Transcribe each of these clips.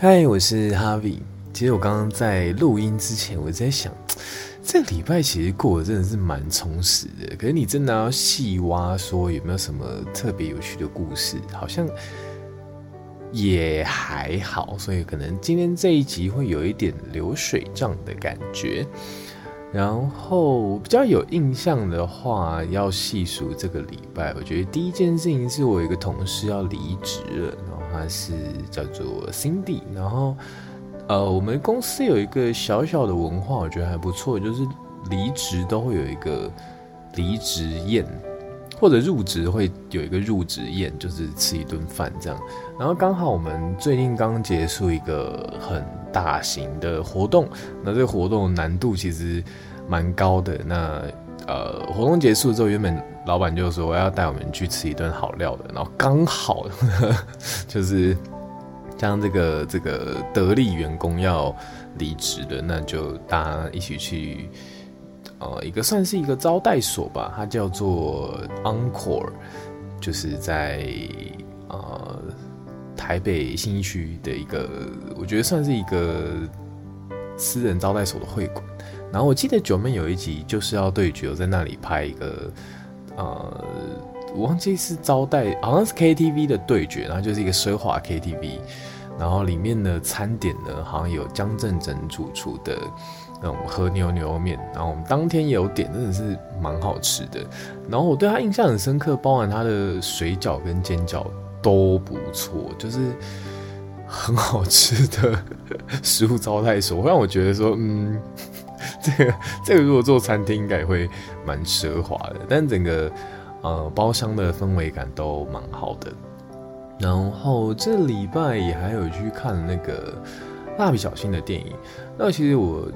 嗨，Hi, 我是 Harvie。其實我剛剛在錄音之前，我在想，這禮拜其實過得真的是蠻充實的。可是你真的要細挖，說有沒有什麼特別有趣的故事，好像也還好。所以可能今天這一集會有一點流水賬的感覺。然後比較有印象的話，要細數這個禮拜，我覺得第一件事情是我有一個同事要離職了。她是叫做 Cindy，然後呃，我們公司有一個小小的文化，我覺得還不錯，就是離職都會有一個離職宴，或者入職會有一個入職宴，就是吃一頓飯這樣。然後剛好我們最近剛結束一個很大型的活動，那這個活動難度其實蠻高的，那呃，活動結束之後，原本老闆就說要帶我們去吃一頓好料的，然後剛好呵呵就是將這個這個得力員工要離職的，那就大家一起去呃一個算是一個招待所吧，它叫做 Encore，就是在呃台北信義區的一個，我覺得算是一個。私人招待所的會館，然後我記得九妹有一集就是要對決，我在那裡拍一個，呃，我忘記是招待好像、啊、是 KTV 的對決，然後就是一個奢華 KTV，然後裡面的餐點呢，好像有江振誠主廚的那種和牛牛肉麵，然後我們當天也有點，真的是蠻好吃的，然後我對他印象很深刻，包含他的水餃跟煎餃都不錯，就是。很好吃的食物招待所，會讓我覺得說，嗯，這個這個如果做餐廳應該會蠻奢華的，但整個呃包廂的氛圍感都蠻好的。然後這禮拜也還有去看那個蠟筆小新的電影。那其實我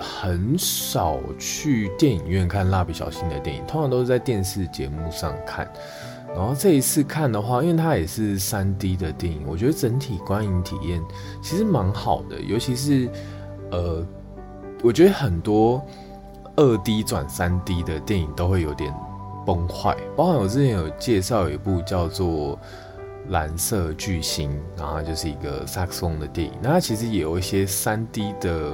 很少去電影院看蠟筆小新的電影，通常都是在電視節目上看。然後這一次看的話，因為它也是三 D 的電影，我覺得整體觀影體驗其實蠻好的。尤其是，呃，我覺得很多二 D 轉三 D 的電影都會有點崩壞。包括我之前有介紹有一部叫做《藍色巨星》，然後就是一個薩克斯 n 的電影，那它其實也有一些三 D 的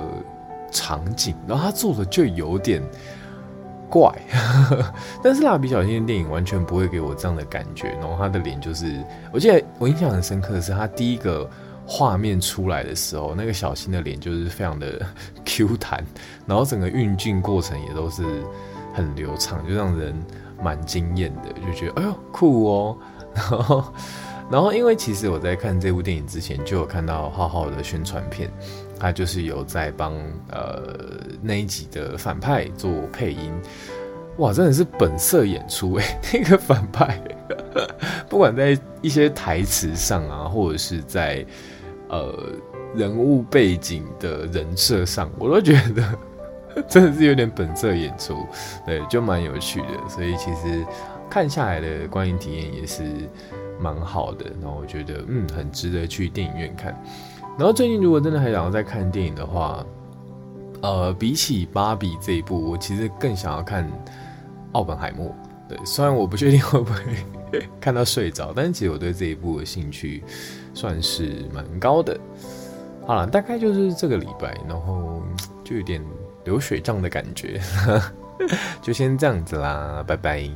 場景，然後它做的就有點。怪， 但是蠟筆小新的電影完全不會給我這樣的感覺。然後他的臉就是，我記得我印象很深刻的是，他第一個畫面出來的時候，那個小新的臉就是非常的 Q 彈，然後整個運鏡過程也都是很流暢，就讓人蠻驚艷的，就覺得哎呦酷哦，然後。然後，因為其實我在看這部電影之前，就有看到浩浩的宣傳片，他就是有在幫呃那一集的反派做配音，哇，真的是本色演出哎！那個反派， 不管在一些台詞上啊，或者是在呃人物背景的人設上，我都覺得真的是有點本色演出，對，就蠻有趣的。所以其實看下來的觀影體驗也是。蠻好的，然後我覺得，嗯，很值得去電影院看。然後最近如果真的還想要再看電影的話，呃，比起《芭比》這一部，我其實更想要看《奧本海默》。對，雖然我不確定會不會 看到睡着，但是其實我對這一部的興趣算是蠻高的。好了，大概就是這個禮拜，然後就有點流水賬的感覺， 就先這樣子啦，拜拜。